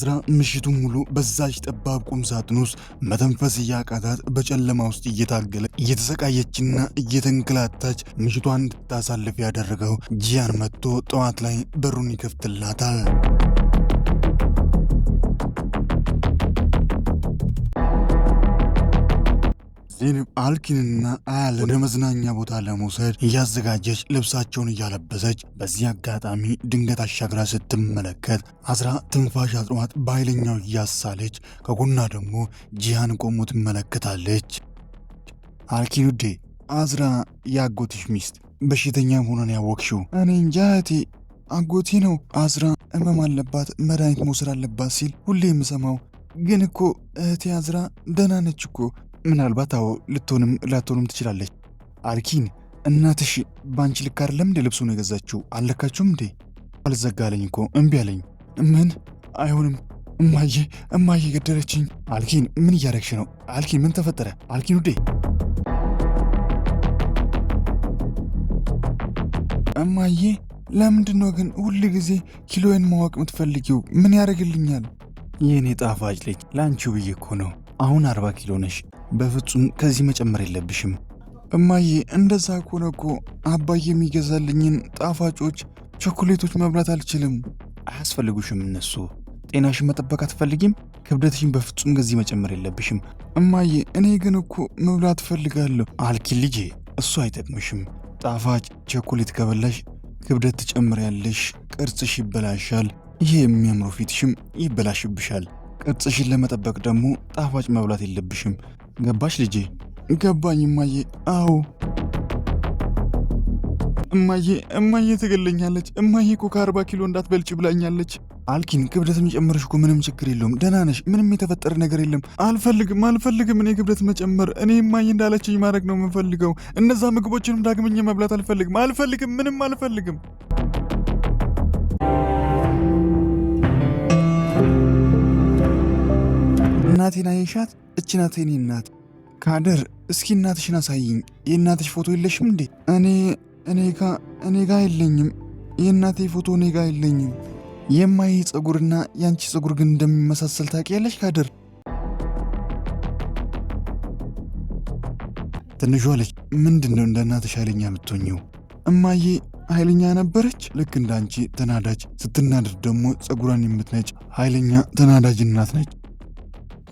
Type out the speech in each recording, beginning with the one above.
ዝራ ምሽቱ ሙሉ በዛች ጠባብ ቁም ሳጥን ውስጥ መተንፈስ እያቃታት በጨለማ ውስጥ እየታገለ እየተሰቃየችና እየተንክላታች ምሽቷን እንድታሳልፍ ያደረገው ጂያን መጥቶ ጠዋት ላይ በሩን ይከፍትላታል። አልኪንና አያል ወደ መዝናኛ ቦታ ለመውሰድ እያዘጋጀች ልብሳቸውን እያለበሰች በዚህ አጋጣሚ ድንገት አሻግራ ስትመለከት አስራ ትንፋሽ አጥሯት በኃይለኛው እያሳለች ከጎና ደግሞ ጂያን ቆሞ ትመለከታለች። አልኪን ውዴ፣ አዝራ የአጎትሽ ሚስት በሽተኛ መሆኗን ያወቅሽው? እኔ እንጃ እህቴ፣ አጎቴ ነው። አዝራ ህመም አለባት መድኃኒት መውሰድ አለባት ሲል ሁሌ የምሰማው ግን እኮ እህቴ አዝራ ደህና ነች እኮ ምናልባት አዎ ልትሆንም ላትሆንም ትችላለች። አልኪን እናትሽ በአንቺ ልክ አይደለም እንደ ነው የገዛችው አልለካችሁም እንዴ? አልዘጋለኝ እኮ እምቢ አለኝ። ምን አይሆንም እማዬ እማዬ ገደለችኝ። አልኪን ምን እያደረግሽ ነው? አልኪን ምን ተፈጠረ? አልኪን ውዴ እማዬ ለምንድን ነው ግን ሁል ጊዜ ኪሎዬን ማወቅ የምትፈልጊው? ምን ያደርግልኛል? የእኔ ጣፋጭ ልጅ ለአንቺው ብዬ እኮ ነው። አሁን አርባ ኪሎ ነሽ። በፍጹም ከዚህ መጨመር የለብሽም እማዬ። እንደዛ ከሆነ እኮ አባዬ የሚገዛልኝን ጣፋጮች፣ ቸኮሌቶች መብላት አልችልም። አያስፈልጉሽም እነሱ። ጤናሽን መጠበቅ አትፈልጊም? ክብደትሽን በፍጹም ከዚህ መጨመር የለብሽም እማዬ። እኔ ግን እኮ መብላት እፈልጋለሁ። አልኪ ልጄ፣ እሱ አይጠቅምሽም። ጣፋጭ ቸኮሌት ከበላሽ ክብደት ትጨምሪያለሽ፣ ቅርጽሽ ይበላሻል፣ ይሄ የሚያምረው ፊትሽም ይበላሽብሻል። ቅርጽሽን ለመጠበቅ ደግሞ ጣፋጭ መብላት የለብሽም። ገባሽ ልጄ? ገባኝ እማዬ። አዎ እማዬ። እማዬ ትገለኛለች። እማዬ እኮ ከአርባ ኪሎ እንዳትበልጭ ብላኛለች። አልኪን ክብደት የሚጨምርሽ እኮ ምንም ችግር የለውም። ደህና ነሽ። ምንም የተፈጠረ ነገር የለም። አልፈልግም አልፈልግም፣ እኔ ክብደት መጨመር። እኔ እማዬ እንዳለችኝ ማድረግ ነው የምንፈልገው። እነዛ ምግቦችንም ዳግመኛ መብላት አልፈልግም አልፈልግም፣ ምንም አልፈልግም። እናቴን አየሻት? እች ናት የኔ እናት። ካደር እስኪ እናትሽን አሳይኝ። የእናትሽ ፎቶ የለሽም እንዴ? እኔ እኔ ጋ እኔ ጋ የለኝም። የእናቴ ፎቶ እኔ ጋ የለኝም። የማይ ጸጉርና የአንቺ ጸጉር ግን እንደሚመሳሰል ታውቂያለሽ ካደር? ትንሹ አለች ምንድን ነው እንደ እናትሽ ኃይለኛ የምትሆኚው? እማዬ ኃይለኛ ነበረች። ልክ እንዳንቺ ተናዳጅ፣ ስትናደድ ደግሞ ጸጉሯን የምትነጭ ኃይለኛ ተናዳጅ እናት ነች።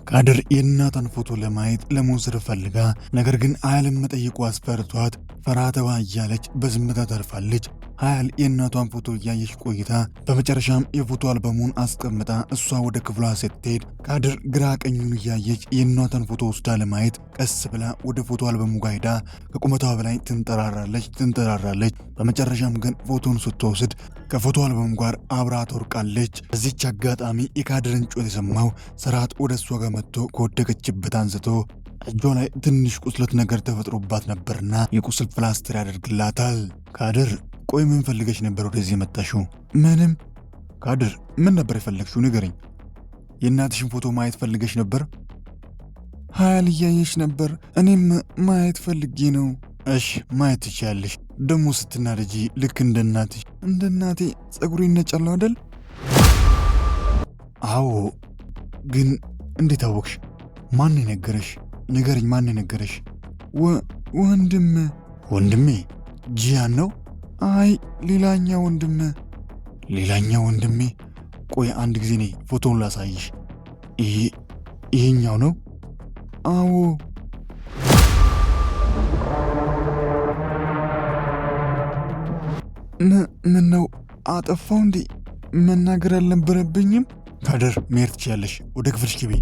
ቃድር የእናቷን ፎቶ ለማየት ለመውሰድ ፈልጋ ነገር ግን አያለም መጠየቁ አስፈርቷት ፈራተዋ እያለች በዝምታ ተርፋለች። ሀያል የእናቷን ፎቶ እያየች ቆይታ በመጨረሻም የፎቶ አልበሙን አስቀምጣ እሷ ወደ ክፍሏ ስትሄድ ካድር ግራ ቀኙን እያየች የእናቷን ፎቶ ወስዳ ለማየት ቀስ ብላ ወደ ፎቶ አልበሙ ጋር ሄዳ ከቁመቷ በላይ ትንጠራራለች ትንጠራራለች። በመጨረሻም ግን ፎቶን ስትወስድ ከፎቶ አልበሙ ጋር አብራ ተወርቃለች። በዚች አጋጣሚ የካድርን ጩኸት የሰማው ሰራት ወደ እሷ ጋር መጥቶ ከወደቀችበት አንስቶ እጇ ላይ ትንሽ ቁስለት ነገር ተፈጥሮባት ነበርና የቁስል ፕላስተር ያደርግላታል። ካድር ቆይ ምን ፈልገሽ ነበር ወደዚህ የመጣሽው? ምንም። ካድር ምን ነበር የፈለግሽው? ንገረኝ። የእናትሽን ፎቶ ማየት ፈልገሽ ነበር? ሀያል እያየሽ ነበር። እኔም ማየት ፈልጌ ነው። እሽ ማየት ትችያለሽ። ደግሞ ስትናደጂ ልክ እንደ እናትሽ። እንደ እናቴ ጸጉሬ ይነጫል አይደል? አዎ። ግን እንዴት አወቅሽ? ማን የነገረሽ? ንገረኝ፣ ማን የነገረሽ? ወንድም ወንድሜ ጂያን ነው አይ ሌላኛ ወንድም ሌላኛ ወንድሜ፣ ቆይ አንድ ጊዜ እኔ ፎቶውን ላሳይሽ። ይሄኛው ነው? አዎ። ምን ነው አጠፋው እንዴ? መናገር አልነበረብኝም። ካደር መሄድ ትችያለሽ፣ ወደ ክፍልሽ ግቢ።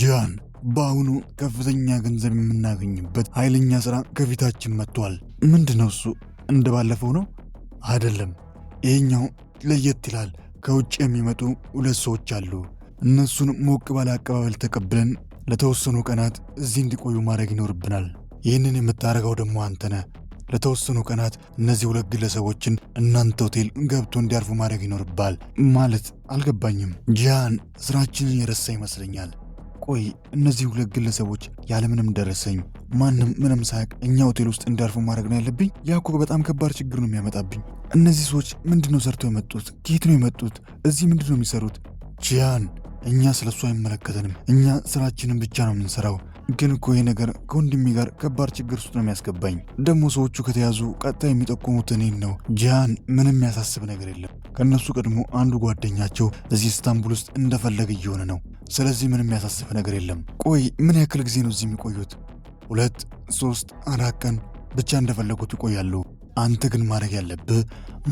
ጃን በአሁኑ ከፍተኛ ገንዘብ የምናገኝበት ኃይለኛ ስራ ከፊታችን መጥቷል። ምንድን ነው እሱ? እንደ ባለፈው ነው አይደለም። ይህኛው ለየት ይላል። ከውጭ የሚመጡ ሁለት ሰዎች አሉ። እነሱን ሞቅ ባለ አቀባበል ተቀብለን ለተወሰኑ ቀናት እዚህ እንዲቆዩ ማድረግ ይኖርብናል። ይህንን የምታደርገው ደግሞ አንተነ። ለተወሰኑ ቀናት እነዚህ ሁለት ግለሰቦችን እናንተ ሆቴል ገብቶ እንዲያርፉ ማድረግ ይኖርባል። ማለት አልገባኝም። ጂያን ስራችንን የረሳ ይመስለኛል። ቆይ እነዚህ ሁለት ግለሰቦች ያለምንም ደረሰኝ ማንም ምንም ሳያቅ እኛ ሆቴል ውስጥ እንዲያርፉ ማድረግ ነው ያለብኝ? ያኮ በጣም ከባድ ችግር ነው የሚያመጣብኝ። እነዚህ ሰዎች ነው ሰርተው የመጡት? ከየት ነው የመጡት? እዚህ ምንድነው የሚሰሩት? ጂያን፣ እኛ ስለ እሱ አይመለከተንም። እኛ ስራችንን ብቻ ነው የምንሰራው። ግን እኮ ይሄ ነገር ከወንድሜ ጋር ከባድ ችግር ውስጥ ነው የሚያስገባኝ። ደግሞ ሰዎቹ ከተያዙ ቀጥታ የሚጠቁሙት እኔን ነው። ጂያን ምንም የሚያሳስብ ነገር የለም። ከእነሱ ቀድሞ አንዱ ጓደኛቸው እዚህ ኢስታንቡል ውስጥ እንደፈለገ እየሆነ ነው። ስለዚህ ምንም የሚያሳስብ ነገር የለም። ቆይ ምን ያክል ጊዜ ነው እዚህ የሚቆዩት? ሁለት፣ ሶስት፣ አራት ቀን ብቻ እንደፈለጉት ይቆያሉ። አንተ ግን ማድረግ ያለብህ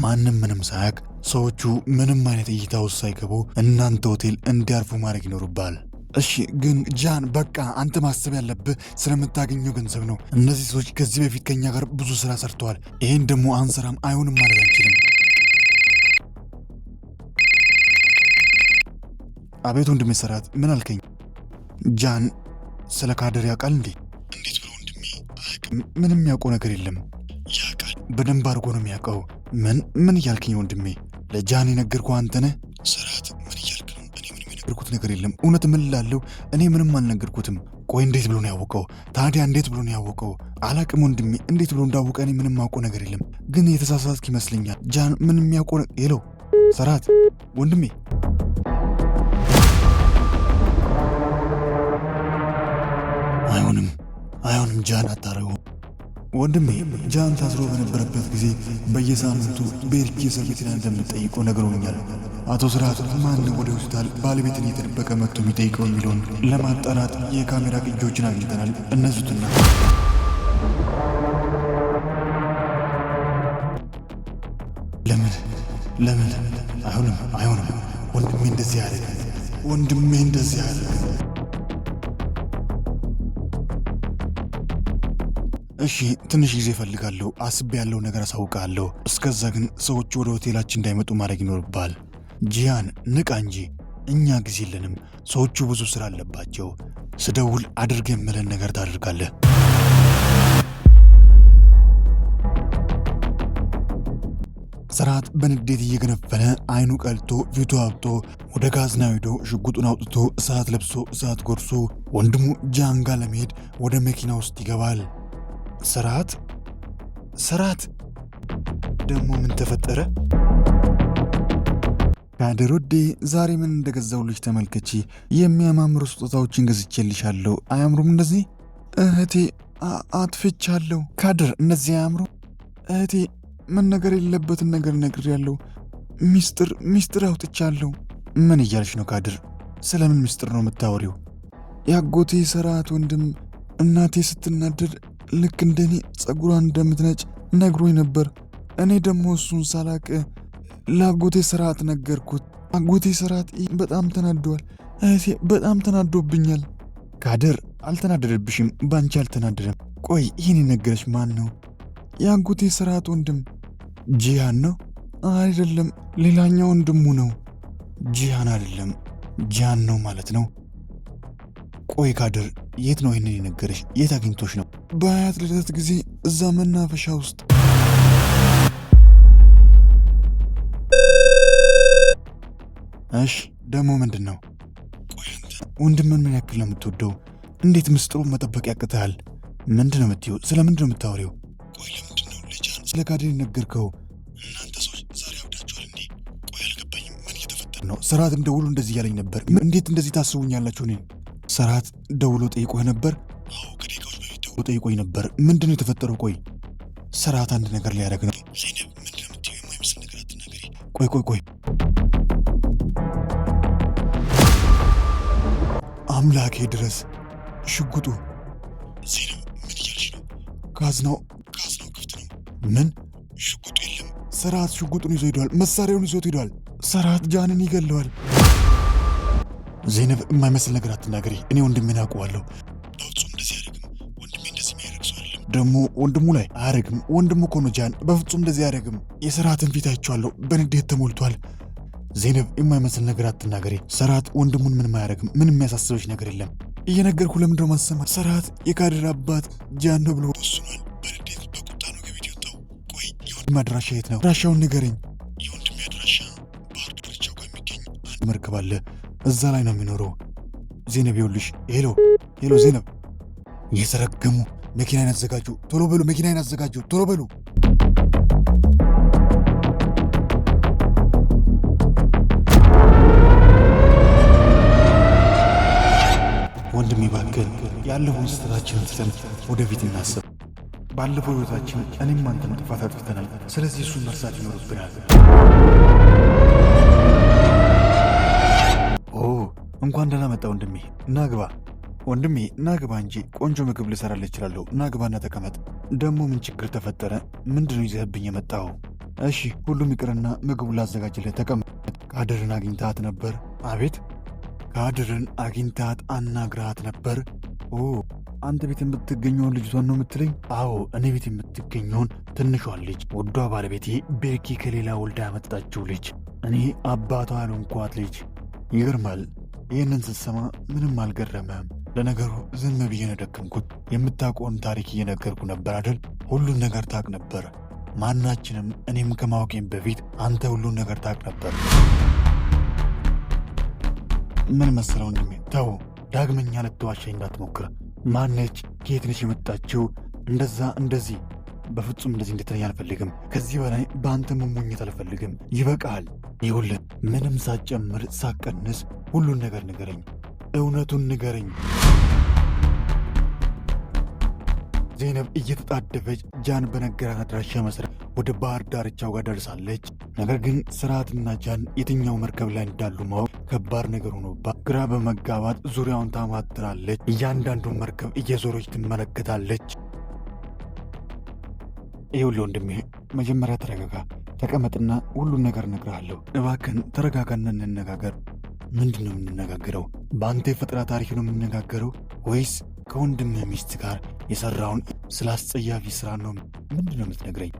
ማንም ምንም ሳያቅ ሰዎቹ ምንም አይነት እይታ ውስጥ ሳይገቡ እናንተ ሆቴል እንዲያርፉ ማድረግ ይኖርብሃል። እሺ ግን ጃን በቃ አንተ ማሰብ ያለብህ ስለምታገኘው ገንዘብ ነው። እነዚህ ሰዎች ከዚህ በፊት ከኛ ጋር ብዙ ስራ ሰርተዋል። ይህን ደግሞ አንሰራም አይሆንም ማለት አንችልም። አቤት ወንድሜ ሰራት፣ ምን አልከኝ? ጃን ስለ ካደር ያውቃል እንዴ? እንዴት ብሎ ወንድሜ? ምንም ነገር የለም። ያውቃል፣ በደንብ አድርጎ ነው የሚያውቀው። ምን ምን እያልክኝ ወንድሜ? ለጃን የነገርኩህ አንተ ነህ? ያልተናገርኩት ነገር የለም። እውነት ምን ላለው እኔ ምንም አልነገርኩትም። ቆይ እንዴት ብሎ ነው ያወቀው ታዲያ? እንዴት ብሎ ነው ያወቀው? አላቅም ወንድሜ፣ እንዴት ብሎ እንዳወቀ እኔ ምንም አውቀው ነገር የለም። ግን የተሳሳትክ ይመስለኛል። ጃን ምን የሚያውቀው የለው። ሰራት ወንድሜ አይሆንም፣ አይሆንም። ጃን አታረገውም ወንድሜ ጃን ታስሮ በነበረበት ጊዜ በየሳምንቱ ቤርኪ እስር ቤት እንደምጠይቀው ነግሮኛል። አቶ ስርዓቱ ማን ወደ ሆስፒታል ባለቤትን እየተደበቀ መጥቶ የሚጠይቀው የሚለውን ለማጣራት የካሜራ ቅጂዎችን አግኝተናል። እነሱትና ለምን ለምን አይሆንም አይሆንም፣ ወንድሜ እንደዚህ ያለ ወንድሜ እንደዚህ ያለ እሺ ትንሽ ጊዜ እፈልጋለሁ፣ አስቤ ያለው ነገር አሳውቃለሁ። እስከዛ ግን ሰዎቹ ወደ ሆቴላችን እንዳይመጡ ማድረግ ይኖርባል። ጂያን ንቃ እንጂ እኛ ጊዜ የለንም። ሰዎቹ ብዙ ስራ አለባቸው። ስደውል አድርግ የምለን ነገር ታደርጋለህ። ስርዓት በንዴት እየገነፈለ አይኑ ቀልቶ ፊቱ አብጦ ወደ ጋዝና ሂዶ ሽጉጡን አውጥቶ እሳት ለብሶ እሳት ጎርሶ ወንድሙ ጃንጋ ለመሄድ ወደ መኪና ውስጥ ይገባል። ስርዓት ስርዓት ደግሞ ምን ተፈጠረ? ካደር ውዴ ዛሬ ምን እንደገዛሁልሽ ተመልከቺ። የሚያማምሩ ስጦታዎችን ገዝቼልሻለሁ። አያምሩም? እንደዚህ እህቴ አጥፍቻለሁ። ካድር እነዚህ አያምሩ? እህቴ ምን ነገር የሌለበትን ነገር ነግሬያለሁ። ሚስጥር ሚስጥር አውጥቻለሁ። ምን እያልሽ ነው ካድር? ስለምን ምስጢር ነው የምታወሪው? ያጎቴ ስርዓት ወንድም እናቴ ስትናደድ ልክ እንደኔ ጸጉሯን እንደምትነጭ ነግሮኝ ነበር። እኔ ደግሞ እሱን ሳላቅ ለአጎቴ ስርዓት ነገርኩት። አጎቴ ስርዓት በጣም ተናደዋል። እህቴ በጣም ተናዶብኛል። ካደር አልተናደደብሽም፣ ባንቺ አልተናደደም። ቆይ ይህን የነገረች ማን ነው? የአጎቴ ስርዓት ወንድም ጂሃን ነው? አይደለም፣ ሌላኛው ወንድሙ ነው። ጂሃን አይደለም፣ ጂሃን ነው ማለት ነው። ቆይ ካደር፣ የት ነው ይህንን የነገረች? የት አግኝቶች ነው? በሀያት ልደት ጊዜ እዛ መናፈሻ ውስጥ እሽ፣ ደግሞ ምንድን ነው? ወንድምን ምን ያክል ነው የምትወደው? እንዴት ምስጢሩ መጠበቅ ያቅትሃል? ምንድን ነው የምትይው? ስለ ምንድን ነው የምታወሪው? ስለ ጋዴን የነገርከው ነው? ስርዓትም ደውሎ እንደዚህ እያለኝ ነበር። እንዴት እንደዚህ ታስቡኛላችሁ? እኔን ስርዓት ደውሎ ጠይቆህ ነበር? ብሎ ጠይቆኝ ነበር። ምንድን ነው የተፈጠረው? ቆይ ስርዓት አንድ ነገር ሊያደርግ ነው። የማይመስል ነገር አትናገሪ። ቆይ ቆይ ቆይ አምላኬ ድረስ ሽጉጡ ዘይነብ ምን እያልሽ ነው? ካዝናው ካዝናው ክፍት ነው። ምን ሽጉጡ የለም። ስርዓት ሽጉጡን ይዞ ሄደዋል። መሳሪያውን ይዞት ሄደዋል። ስርዓት ጃንን ይገለዋል። ዜነብ የማይመስል ነገር አትናገሪ። እኔ ወንድሜን አውቀዋለሁ። ደግሞ ወንድሙ ላይ አያደርግም። ወንድሙ እኮ ነው ጃን፣ በፍጹም እንደዚህ አያደርግም። የስርዓትን ፊት አይቼዋለሁ፣ በንዴት ተሞልቷል። ዜነብ የማይመስል ነገር አትናገሬ። ስርዓት ወንድሙን ምንም አያደርግም። ምን የሚያሳስበች ነገር የለም። እየነገርኩ ለምንድነው ማሰማ? ስርዓት የካድር አባት ጃን ነው ብሎ ወስኗል። በንዴት በቁጣ ነው ከቤት የወጣው። ቆይ የወንድም አድራሻ የት ነው? አድራሻውን ንገረኝ። የወንድም አድራሻ ባህር ዳርቻው ከሚገኝ አንድ መርከብ አለ። እዛ ላይ ነው የሚኖረው። ዜነብ ይኸውልሽ። ሄሎ ሄሎ፣ ዜነብ የተረገሙ መኪናን አዘጋጁ፣ ቶሎ በሉ! መኪናን አዘጋጁ፣ ቶሎ በሉ! ወንድሜ ይባክል ያለፈውን ስህተታችንን ትተን ወደፊት እናስብ። ባለፈው ህይወታችን እኔም አንተም ጥፋት አጥፍተናል። ስለዚህ እሱን መርሳት ይኖርብናል። ኦ እንኳን ደህና መጣ ወንድሜ፣ እና ግባ። ወንድሜ ናግባ እንጂ ቆንጆ ምግብ ልሰራልህ እችላለሁ። ናግባና ተቀመጥ። ደግሞ ምን ችግር ተፈጠረ? ምንድነው ይዘህብኝ የመጣው? እሺ ሁሉም ይቅርና ምግቡ ላዘጋጅልህ፣ ተቀመጥ። ካድርን አግኝታት ነበር? አቤት ካድርን አግኝታት አናግራት ነበር? ኦ አንተ ቤት የምትገኘውን ልጅቷን ነው የምትለኝ? አዎ እኔ ቤት የምትገኘውን ትንሿን ልጅ ወዷ ባለቤቴ ቤርኪ ከሌላ ወልዳ ያመጣችው ልጅ እኔ አባቷ ያልሆንኳት ልጅ። ይገርማል። ይህንን ስትሰማ ምንም አልገረመም። ለነገሩ ዝም ብዬ ነው የምታውቀውን ታሪክ እየነገርኩ ነበር አደል? ሁሉን ነገር ታቅ ነበር ማናችንም እኔም ከማወቄም በፊት አንተ ሁሉን ነገር ታቅ ነበር። ምን መሰለው ወንድሜ፣ ተው ዳግመኛ ልትዋሸኝ እንዳትሞክረ። ማነች? ከየት ነች የመጣችው? እንደዛ እንደዚህ በፍጹም እንደዚህ እንድትለኝ አልፈልግም። ከዚህ በላይ በአንተ መሞኘት አልፈልግም። ይበቃል ይሁልን ምንም ሳትጨምር ሳቀንስ ሁሉን ነገር ንገረኝ። እውነቱን ንገረኝ። ዜነብ እየተጣደፈች ጃን በነገራት አድራሻ መሰረት ወደ ባህር ዳርቻው ጋር ደርሳለች። ነገር ግን ስርዓትና ጃን የትኛው መርከብ ላይ እንዳሉ ማወቅ ከባድ ነገር ሆኖባት ግራ በመጋባት ዙሪያውን ታማትራለች። እያንዳንዱን መርከብ እየዞረች ትመለከታለች። ይኸውልህ ወንድሜ፣ መጀመሪያ ተረጋጋ፣ ተቀመጥና ሁሉን ነገር እነግርሃለሁ። እባክህን ተረጋጋና እንነጋገር። ምንድን ነው የምንነጋገረው? በአንተ የፈጠራ ታሪክ ነው የምነጋገረው ወይስ ከወንድምህ ሚስት ጋር የሰራውን ስለ አስጸያፊ ስራ ነው? ምንድን ነው የምትነግረኝ?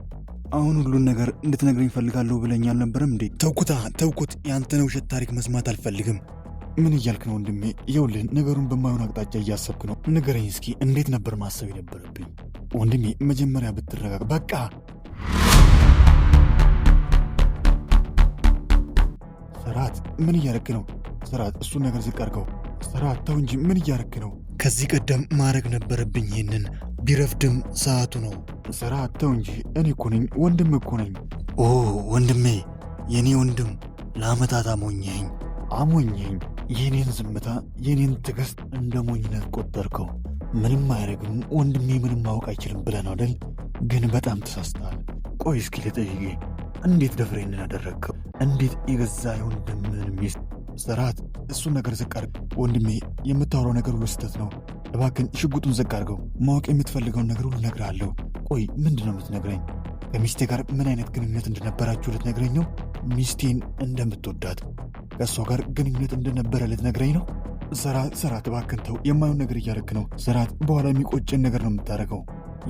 አሁን ሁሉን ነገር እንድትነግረኝ እፈልጋለሁ ብለኝ አልነበረም እንዴ? ተውኩታ ተውኩት። የአንተን ውሸት ታሪክ መስማት አልፈልግም። ምን እያልክ ነው ወንድሜ? ይኸውልህ ነገሩን በማይሆን አቅጣጫ እያሰብክ ነው። ንገረኝ እስኪ እንዴት ነበር ማሰብ የነበረብኝ? ወንድሜ መጀመሪያ ብትረጋግ በቃ ሰራት ምን እያደረግህ ነው? ሰራት፣ እሱን ነገር ዝቅ አድርገው። ሰራት ተው እንጂ ምን እያረክ ነው? ከዚህ ቀደም ማድረግ ነበረብኝ ይህንን። ቢረፍድም ሰዓቱ ነው። ሰራት ተው እንጂ እኔ እኮ ነኝ ወንድም እኮ ነኝ። ኦ ወንድሜ፣ የእኔ ወንድም፣ ለአመታት አሞኘኝ አሞኘኝ። የእኔን ዝምታ የእኔን ትዕግስት እንደ ሞኝነት ቆጠርከው። ምንም አያደርግም ወንድሜ፣ ምንም ማወቅ አይችልም ብለህ ነው አይደል? ግን በጣም ተሳስተሃል። ቆይ እስኪ ልጠይቄ፣ እንዴት ደፍሬንን አደረግከው? እንዴት የገዛ ወንድምህን ሚስት ስርዓት እሱን ነገር ዝቅ አድርግ ወንድሜ። የምታወራው ነገር ሁሉ ስህተት ነው። እባክን ሽጉጡን ዝቅ አድርገው። ማወቅ የምትፈልገውን ነገር ሁሉ እነግርሃለሁ። ቆይ ምንድን ነው የምትነግረኝ? ከሚስቴ ጋር ምን አይነት ግንኙነት እንደነበራችሁ ልትነግረኝ ነው? ሚስቴን እንደምትወዳት ከእሷ ጋር ግንኙነት እንደነበረ ልትነግረኝ ነው? ዘራት ዘራት፣ እባክን ተው። የማየውን ነገር እያደረክ ነው ዘራት። በኋላ የሚቆጨን ነገር ነው የምታደርገው።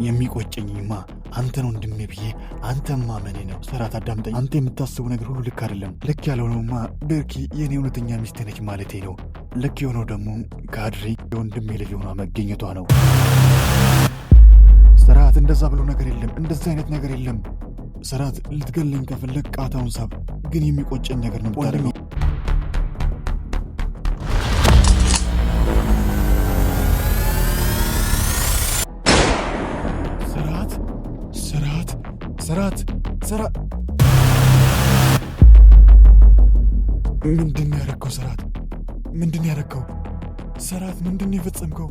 የሚቆጨኝማ አንተን ወንድሜ ብዬ አንተን ማመኔ ነው። ሰራት አዳምጠኝ። አንተ የምታስበው ነገር ሁሉ ልክ አይደለም። ልክ ያልሆነውማ ቤርኪ የእኔ እውነተኛ ሚስት ነች ማለቴ ነው። ልክ የሆነው ደግሞ ከአድሬ የወንድሜ ልጅ ሆና መገኘቷ ነው። ሰራት እንደዛ ብሎ ነገር የለም። እንደዛ አይነት ነገር የለም። ሰራት ልትገለኝ ከፈለግ ቃታውን ሳብ። ግን የሚቆጨኝ ነገር ነው። ሰራ ምንድን ያደረግከው? ሰራት ምንድን ያደረግከው? ሰራት ምንድን የፈጸምከው?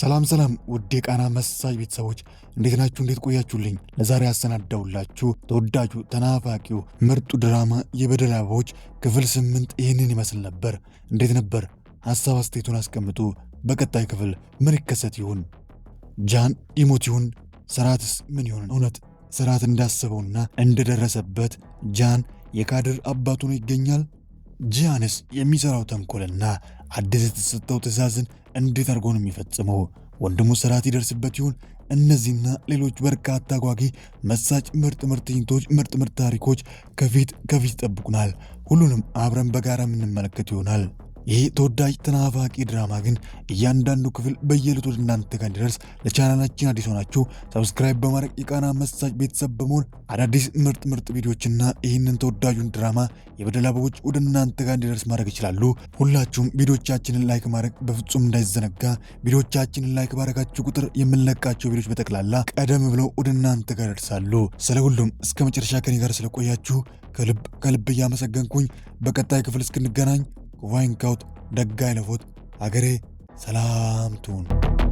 ሰላም ሰላም፣ ውድ የቃና መሳጅ ቤተሰቦች እንዴት ናችሁ? እንዴት ቆያችሁልኝ? ለዛሬ ያሰናዳውላችሁ ተወዳጁ ተናፋቂው ምርጡ ድራማ የበደል አበቦች ክፍል ስምንት ይህንን ይመስል ነበር። እንዴት ነበር? ሀሳብ አስተያየቱን አስቀምጡ። በቀጣይ ክፍል ምን ይከሰት ይሆን? ጃን ይሞት ይሁን? ሰራትስ ምን ይሆን? እውነት ሰራት እንዳሰበውና እንደደረሰበት ጃን የካድር አባቱ ነው ይገኛል? ጂያንስ የሚሰራው ተንኮልና አዲስ የተሰጠው ትእዛዝን እንዴት አድርጎ ነው የሚፈጽመው? ወንድሙ ሰራት ይደርስበት ይሆን? እነዚህና ሌሎች በርካታ ጓጊ መሳጭ ምርጥ ምርጥ ትዕይንቶች፣ ምርጥ ምርጥ ታሪኮች ከፊት ከፊት ይጠብቁናል። ሁሉንም አብረን በጋራ የምንመለከት ይሆናል። ይህ ተወዳጅ ተናፋቂ ድራማ ግን እያንዳንዱ ክፍል በየዕለቱ ወደ እናንተ ጋር እንዲደርስ ለቻናላችን አዲስ ሆናችሁ ሰብስክራይብ በማድረግ የቃና መሳጭ ቤተሰብ በመሆን አዳዲስ ምርጥ ምርጥ ቪዲዮችና ይህንን ተወዳጁን ድራማ የበደል አበቦች ወደ እናንተ ጋር እንዲደርስ ማድረግ ይችላሉ። ሁላችሁም ቪዲዮቻችንን ላይክ ማድረግ በፍጹም እንዳይዘነጋ። ቪዲዮቻችንን ላይክ ባረጋችሁ ቁጥር የምንለቃቸው ቪዲዮች በጠቅላላ ቀደም ብለው ወደ እናንተ ጋር ይደርሳሉ። ስለ ሁሉም እስከ መጨረሻ ከኔ ጋር ስለቆያችሁ ከልብ ከልብ እያመሰገንኩኝ በቀጣይ ክፍል እስክንገናኝ ቁባይን ካውት ደጋ ይለፉት አገሬ ሰላምቱን